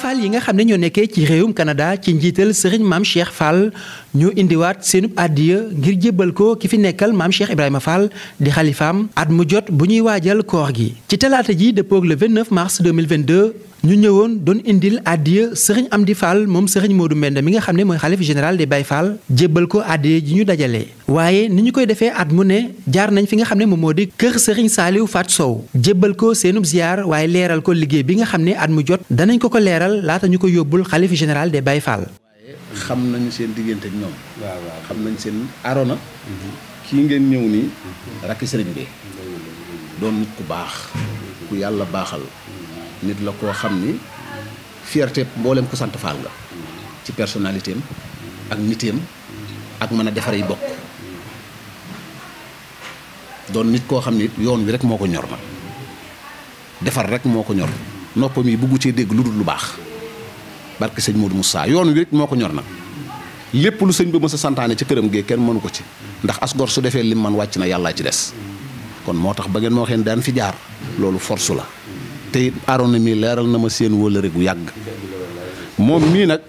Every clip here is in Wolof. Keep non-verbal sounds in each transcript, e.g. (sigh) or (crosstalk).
fall yi nga xam ne ñoo nekkee ci réewum Canada ci njiital sëriñ maam Cheikh Fall ñoo indiwaat seenub àddiya ngir jébbal ko ki fi nekkal maam Cheikh Ibrahima Fall di xalifaam at mu jot bu ñuy waajal koor gi ci talaata ji dëppoog le 29 mars 2022 ñu ñëwoon doon indil addiya sëriñ di Fall moom sëriñ Modou Mbend mi nga xam ne mooy xalif général des Baye faal jébbal ko addiya ji ñu dajalee waaye ni ñu koy defee at mu ne jaar nañ fi nga xam ne moom moo di kër sëriñ Saaliw Faat Sow jébbal ko seenub ziar waaye leeral ko liggéey bi nga xam ne at mu jot danañ ko ko leeral laata ñu ko yóbbul xalif général de Baye Fall. waaye xam nañu seen diggante ak ñoom. waaw waaw xam nañ seen arona. kii ngeen ñëw nii. Mhm. bi mhm. doon nit baaxal. nit la koo xam ni fierté mboolem ku sant Fall nga ci personnalité am ak niteem ak mën a defar yi bokk doon nit koo xam ni yoon wi rek moo ñor na defar rek moo ko ñor noppam yi buggu cee dégg lu dul lu baax barke sëñ Modou Moussa yoon wi rek moo ko ñor nag lépp lu sëñ ba mësa santaane ci këram gee kenn mënu ko ci ndax asgor su defee lim man wàcc na yàllaa ci des kon moo tax ba ngeen moo xeen daan fi jaar loolu force la te aron mi leral na ma seen wolere gu yag mom mi nak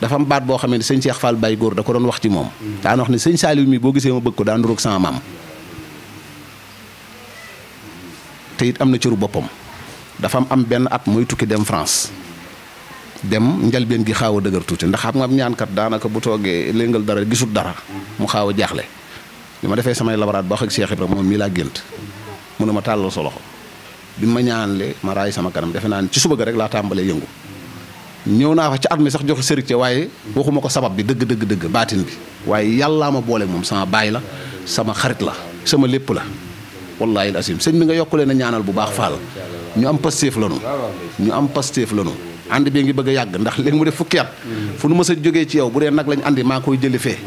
dafa am baat bo xam seigne Cheikh Fall Baye gor da ko don wax ci mom da wax ni seigne mi bo ma daan sama mam te it am ci ru bopam dafa am ben at moy tukki dem France dem ben gi xawa deugar tuti ndax xam nga kat danaka bu toge lengal dara gisut dara mu xawa a bima defé ma defee samay labaraat ba wax Cheikh ibrahim mom mi la gënt mu ne ma loxo bi ma ñaanle ma raay sama kanam defe naa ne ci suba ga rek laa tàmbalee yëngu ñëw naa fa ci at mi sax joxe sëriñ ca waaye waxuma ko sabab bi dëgg dëgg dëgg baatin bi waaye yàllaa ma boole moom sama bàyyi la sama xarit la sama lépp la wallaahi al asim sëñ bi nga yokkulee na ñaanal bu baax faal ñu am pasteef lanu ñu am pasteef lanu ànd bi ngi bëgg a yàgg ndax léegi mu def fukki at fu nu mës a jógee ci yow bu dee nag lañ àndi maa koy jëli fee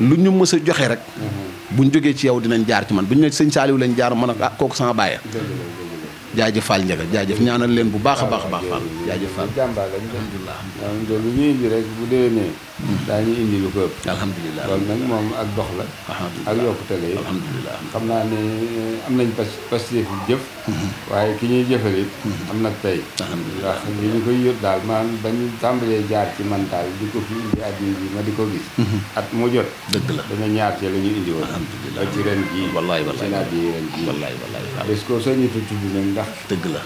lu ñu mës joxe rek buñ jógee ci yow dinañ jaar ci man bu ñu ne sëñ saaliw lañ jaar man ak ah kooku sama baay jaajëf Fall Ndiaga jaajëf ñaanal leen bu baax a baax a baax Fall jaajëf Fall jàmbaar lañ alhamdulilah lu ñu indi rek bu déwénee daañu indi lu ko ëpp. alhamdulilah loolu nag moom ak dox la. ak yokkute la yi xam naa ne am nañ pas pastéef yu jëf. (laughs) waaye ki ñuy jëfal it (laughs) am na tey. alhamdulilah ndax li ñu koy yóbbu daal maanaam ba ñu tàmbalee jaar ci man daal di ko fi indi at bi ma di ko gis. (laughs) at mu jot. dëgg la dana ñaar ci la ñu indi woon. alhamdulilah ci ren jii. wallaay wallaay ci naaj yi ren jii. wallaay wallaay waaw est-ce que soññi fa tudd nag ndax. dëgg la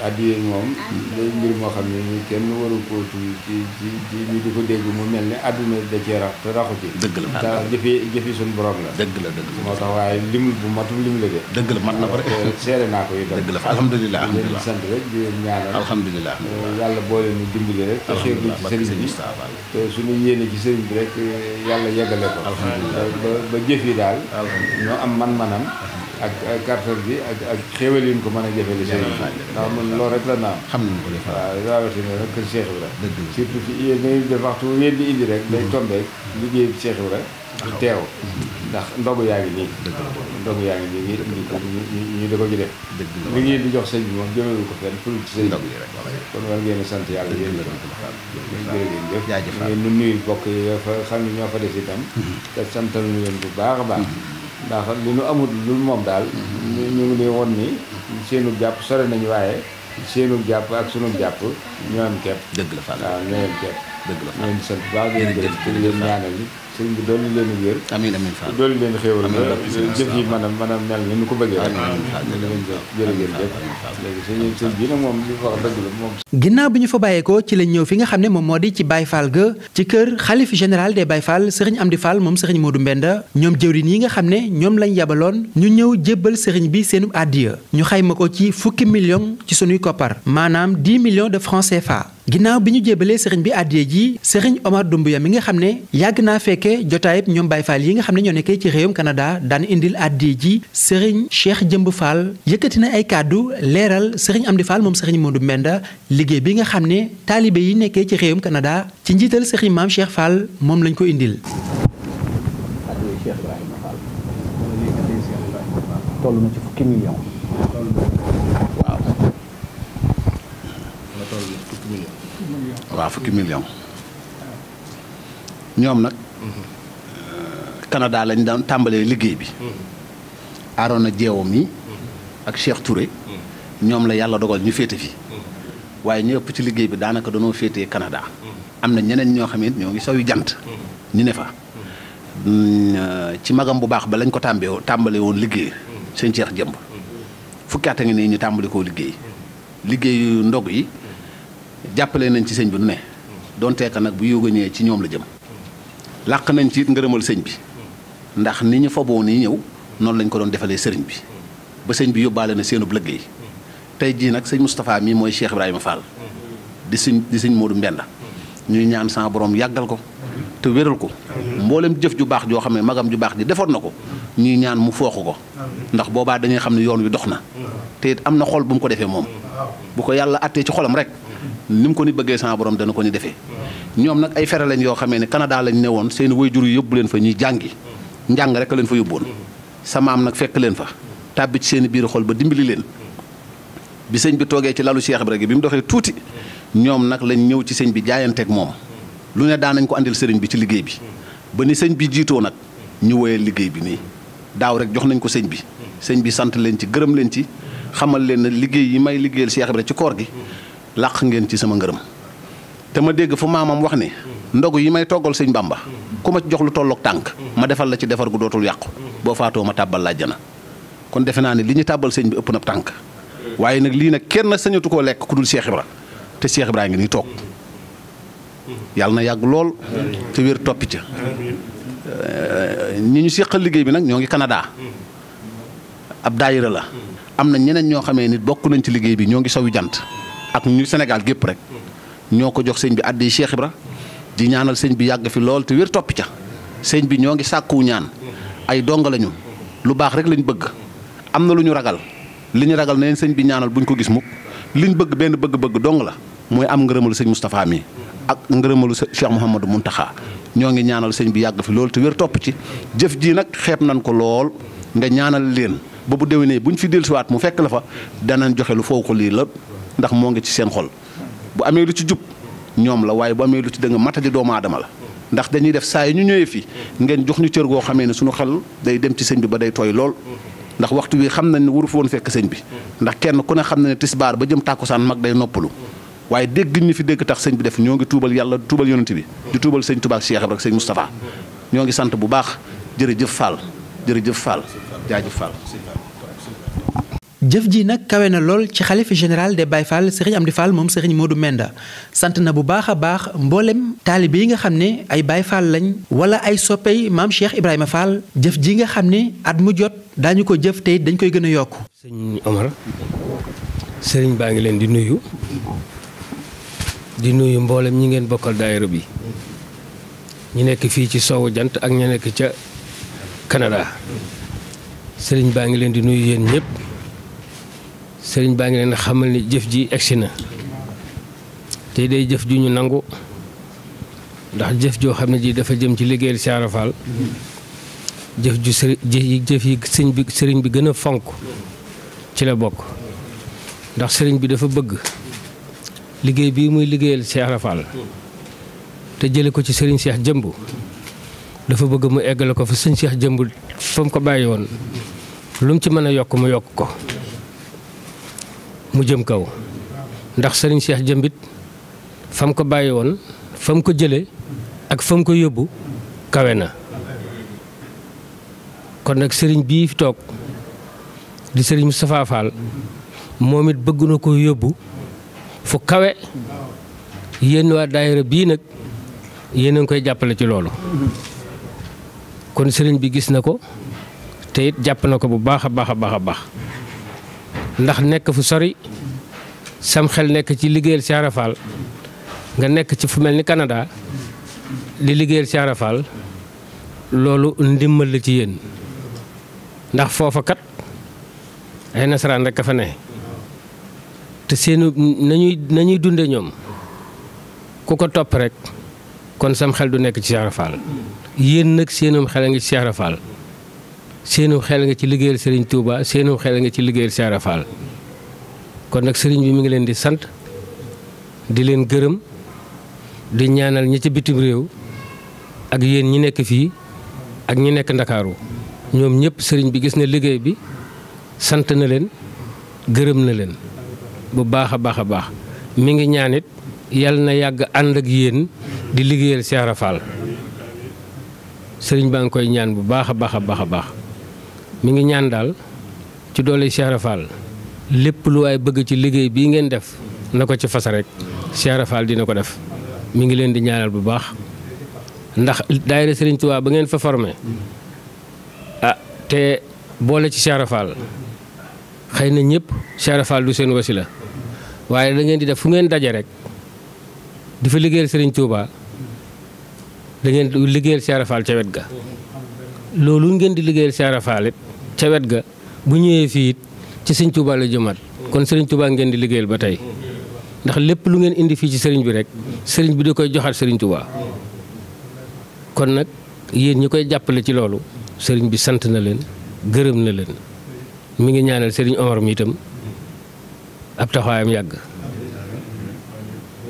da cee rax te raxu ci. dëgg la te la. dëgg la dëgg la moo tax waaye lim bu matum lim la de. dëgg la mat na ba rek seere naa ko itam. dëgg la alhamdulilah alhamdulilah di sant rek di ñaanal. alhamdulilah yàlla boole ñu dimbali rek. te xeer ci sëriñ bi te suñu yéene ci sëriñ bi rek yàlla yeggale ko. alhamdulilah ba ba jëf yi daal. ñoo am man-manam. ak gàttal bi ak ak xéewal yi ñu ko mën a jëfandikoo. jërëjëf ndax man loolu rek la naam. xam nañ ko def waaw rawatina nag kër Cheikh dëgg la surtout fi yéen ngay def di indi rek. day tombeek liggéey bi Cheikh Ibra. teew ndax ndogu yaa ngi nii. dëgg yaa ngi nii ñu ñu ñu ñu di ko ci def. dëgg la li bi moom ko fenn pour ci sëñ bi rek. kon war sant yàlla yéen la jërëjëf jaajëf ngeen nu nuyu bokk yi fa xam ne ñoo fa des itam mm-hmm. te santal ñu leen bu baax a baax mm-hmm. ndax li nu amul lu moom daal mm-hmm. ñu ngi lay won ni seenu jàpp sore nañu waaye seenu jàpp ak sunu jàpp ñoo am kepp dëgg la Fall waaw ñoo am kepp dëgg la Fall ñoo ngi sant bu baax leen gërëm ci leen yi sëriñ ko ginnaaw bi ñu fa bàyyeekoo ci la ñëw fi nga xam ne moom moo di ci Baye Fall ga ci kër xalif général des Baye Fall am di Fall moom sëriñ du Mbenda ñoom jëwriñ yi nga xam ne ñoom lañ yabaloon ñu ñëw jébbal sëriñ bi seenu àddiya ñu xayma ko ci fukki million ci sunuy koppar maanaam 10 million de francs CFA ginnaaw bi ñu jébalee sëriñ bi àddiyee ji sëriñ Omar Dumbuya mi nga xam ne yàgg naa fekkee jotaayib ñoom bay Fall yi nga xam ne ñoo nekkee ci réewum Canada daan indil àddiyee ji sëriñ Cheikh Jëmb Fall yëkkati na ay kàddu leeral sëriñ di Fall moom sëriñ Modou Mbenda liggéey bi nga xam ne taalibe yi nekkee ci réewum Canada ci njiital sëriñ Maam Cheikh Fall moom lañu ko indil. waaw fukki million ñoom nag. Mhm. Canada lañ daan tàmbalee liggéey bi. Mhm. Arona Jeewo mi mhm. ak Cheikh ture ñoom la yàlla dogal ñu féete fi waaye ñu ëpp ci liggéey bi daanaka danoo féete Canada. am na ñeneen ñoo xam ñoo ngi saw yu jant. ñu ne fa. Mm, euh, ci magam bu baax ba lañ ko tàmbee tàmbale woon liggéey. seen ceex jëmb. fukki ngi nii ñu tàmbali koo liggéey. liggéeyu ndog yi. jàppale nañ ci señ bu nu ne donte ka nag bu yóoga ñëwee ci ñoom la jëm làq nañ ci it ngërëmal sëñ bi ndax ni ñu foboo nii ñëw noonu lañ ko doon defalee sëriñ bi ba sëñ bi yóbbaale na seenub liggéey tey jii nag sëñ Moustapha mii mooy Cheikh Ibrahima Fall di sëñ di sëñ Modou Mbenda ñuy ñaan sama borom yàggal ko te wéral ko mboolem jëf ju baax joo xam ne magam ju baax ji defoon na ko ñuy ñaan mu fooxu ko ndax boobaa dañuy xam ne yoon wi dox na te it am na xol bu mu ko defee moom bu yàlla attee ci xolam rek ni mu ko ni bëggee sama borom dana ko ni defee ñoom nag ay fere lañ yoo xamee ne Canada lañ ne woon seen waajur yi yóbbu leen fa ñuy jàngi njàng rek leen fa yóbboon sama am nag fekk leen fa tàbbi ci seen biir xol ba dimbali leen bi sëñ bi toogee ci lalu Cheikh Ibra gi bi mu doxee tuuti ñoom nag lañ ñëw ci sëñ bi jaayanteeg moom lu ne daan nañ ko andil sëriñ bi ci liggéey bi ba ni sëñ bi jiitoo nag ñu woyal liggéey bi nii daaw rek jox nañ ko sëñ bi sëñ bi sant leen ci gërëm leen ci xamal leen liggéey yi may liggéeyal Cheikh Ibra ci koor gi làq ngeen ci sama ngërëm te ma dégg fu maamam wax ni ndogu yi may toggal sëñ Bamba ku ma jox lu tollook tànk ma defal la ci defar gu dootul yàqu boo faatoo ma tàbbal làjjana kon defe naa ne li ñu tàbbal sëñ bi ëpp nag tànk waaye nag lii nag kenn sañatu koo lekk ku dul Cheikh Ibra te Cheikh Ibra ngi nii toog yàlla na yàgg lool te wér toppi ca ñi ñu seqal liggéey bi nag ñoo ngi Canada ab daayira la am na ñeneen ñoo xamee nit bokk nañ ci liggéey bi ñoo ngi sowu jant ak ñu Sénégal gépp rek ñoo ko jox sëñ bi addi Cheikh ra di ñaanal sëñ bi yàgg fi lool te wér topp ca sëñ bi ñoo ngi sàkkuwu ñaan ay donga lañu lu baax rek lañ bëgg am na lu ñu ragal li ñu ragal na leen sëñ bi ñaanal buñ ko gis mukk liñ bëgg benn bëgg-bëgg dong la mooy am ngërëmalu sëñ mustafaa mii ak ngërëmalu Cheikh Mouhamadou Mountakha ñoo ngi ñaanal sëñ bi yàgg fi loolu te wér topp ci jëf ji nag xeeb nañ ko lool nga ñaanal leen ba bu déwénee buñ fi dellusiwaat mu fekk la fa danañ joxe lu lii la ndax moo ngi ci seen xol bu amee lu ci jub ñoom la waaye bu amee lu ci dëng matadi doomu aadama la ndax dañuy def saa yi ñu ñëwee fi ngeen jox ñu cër goo xamee ne suñu xel day dem ci sëñ bi ba day tooy lool ndax waxtu wi xam na ne waru fa woon fekk sëñ bi ndax kenn ku ne xam na ne tisbaar ba jëm tàkkusaan mag day noppalu waaye dégg ñu fi dégg tax sëñ bi def ñoo ngi tuubal yàlla tuubal yonent bi di tuubal sëñ Tuubaa Cheikh Ibrahima sëñ Moustapha ñoo ngi sant bu baax jërëjëf Fall jërëjëf Fall jaajëf jëf ji nag kawe na lool ci xalifa général des Baye Fall Serigne Amdi Fall moom Serigne Modou Menda sant na bu baax a baax mbooleem taalibe yi nga xam ne ay baay fal lañ wala ay soppey maam Cheikh Ibrahima fal jëf ji nga xam ne at mu jot daañu ko jëf tey dañ koy gën a yokku. sëñ Omar Serigne baa ngi leen di nuyu di nuyu mboolem ñi ngeen bokkal daayira bi ñu nekk fii ci soowu jant ak ñu nekk ca Canada sëriñ baa ngi leen di nuyu yéen ñëpp. sëriñ baa ngi leen xamal ni jëf ji egsi na tey day jëf ju ñu nangu ndax jëf joo xam ne jii dafa jëm ci liggéeyal Cheikh Ibra jëf ju sëriñ jëf yi sëriñ bi sëriñ bi gën a fonk ci la bokk ndax sëriñ bi dafa bëgg liggéey bii muy liggéeyal Cheikh Ibra te jële ko ci sëriñ Cheikh jëmb dafa bëgg mu eggale ko fa sëriñ Cheikh jëmb fa mu ko bàyyi woon lu ci mën a yokk mu yokk ko mu jëm kaw ndax sëriñ Cheikh jëmbit fam ko bàyyi woon fam ko jële ak fam ko yóbbu kawe na kon nag sëriñ bii fi toog di sëriñ Moustapha Fall moom it bëgg ko yóbbu fu kawe yéen waa daayira bii nag yéen a ngi koy jàppale ci loolu kon sëriñ bi gis na ko te it jàpp na ko bu baax a baax a baax a baax ndax nekk fu sori sam xel nekk ci liggéeyal Cheikh nga nekk ci fu mel ni Canada di liggéeyal Cheikh loolu ndimbal la ci yéen ndax foofa kat ay nasaraan rek a fa ne te seenu nañuy dunde ñoom ku ko topp rek kon sam xel du nekk ci Cheikh Ibra Fall yéen nag seenum xel a ngi ci seenu xel nga ci tuba Serigne Touba seenu xel nga ci liggeel Cheikh rafal kon nak Serigne bi mi ngi len di sant di len geureum di ñaanal ñi ci bitim rew ak yeen ñi nekk fi ak ñi nekk dakaru ñom ñëpp Serigne bi gis na bi sant na len geureum na len bu baaxa baaxa baax mi ngi ñaanit yal na yag and ak yeen di liggeel Cheikh rafal serigne bang koy ñaan bu baaxa baaxa baaxa mi ngi ñaan daal ci doole Cheikh Fall lépp lu waay bëgg ci liggéey bii ngeen def na ko ci fas rek Cheikh Fall dina ko def mi ngi leen di ñaanal bu baax ndax daayira Serigne Touba ba ngeen fa formé ah, te boole ci Cheikh xëy na ñëpp Cheikh Fall du seen la waaye da di def fu ngeen daje rek di fa liggéeyal Serigne Touba da ngeen liggéeyal ca wet ga loolu ngeen di liggéeyal Cheikh Fall it ca wet ga bu ñëwee fii it ci sëñ Touba la jëmaat kon sëriñ tubaa ngeen di liggéeyal ba tey ndax lépp lu ngeen indi fii ci sëriñ bi rek sëriñ bi da koy joxaat sëriñ Touba kon nag yéen ñi koy jàppale ci loolu sëriñ bi sant na leen gërëm na leen mu ngi ñaanal sëriñ Omar mi itam ab taxawaayam yàgg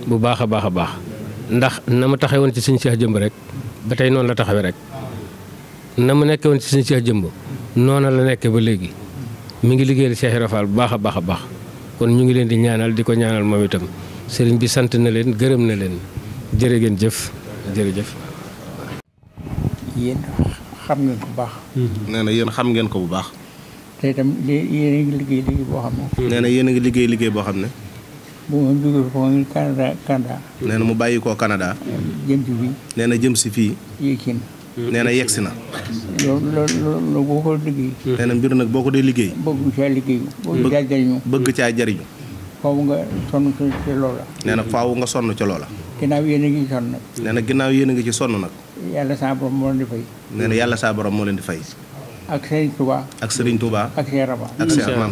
bu baax a baax a baax ndax na ma taxawoon ci sëñ Cheikh Jëmb rek ba tey noonu la taxawee rek na mu nekkoon ci sëñ Cheikh Jëmb noona la nekk ba léegi mu ngi liggéey Cheikh Ibra bu baax a baax a baax kon ñu ngi leen di ñaanal di ko ñaanal moom itam sëriñ bi sant na leen gërëm na leen jërë ngeen jëf jërëjëf. yéen xam bu baax. nee na yéen xam ngeen ko bu baax. te itam yéen liggéey liggéey boo xam ne. nee na yéen a ngi liggéey liggéey boo xam ne. bu ma jógee foofu mu ngi Canada Canada. nee na mu bàyyi koo kanadaa jëm si fii. nee jëm si fii. yéeg nee na na. loolu boo ko liggéey. na boo ko dee liggéey. bëgg caa liggéey. bëgg caa jariñu bëgg caa jariñu. faaw nga sonn ca loola. nee na faaw nga sonn ca loola. ginnaaw yéen a ngi ci sonn nag. nee na ginnaaw yéen ngi ci sonn nag. yàlla saa borom moo leen di fay. nee yàlla saa borom moo leen di fay. ak Serigne Touba. ak Serigne Touba. ak Cheikh Raba.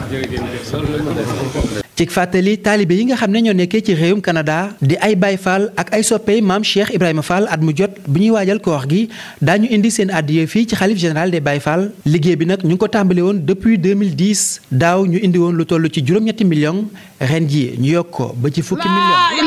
ak Cheikh ci fàttali taalibe yi nga xam ne ñoo nekkee ci réewum Canada di ay Baay Faal ak ay soppey maam Cheikh Ibrahima Fall at mu jot bu ñuy waajal koor gi daañu indi seen addiya fii ci xalif général des Baay Faal liggéey bi nag ñu ngi ko tàmbali woon depuis 2010 daaw ñu indi woon lu toll ci juróom-ñetti millions ren ji ñu yokk ko ba ci fukki millions.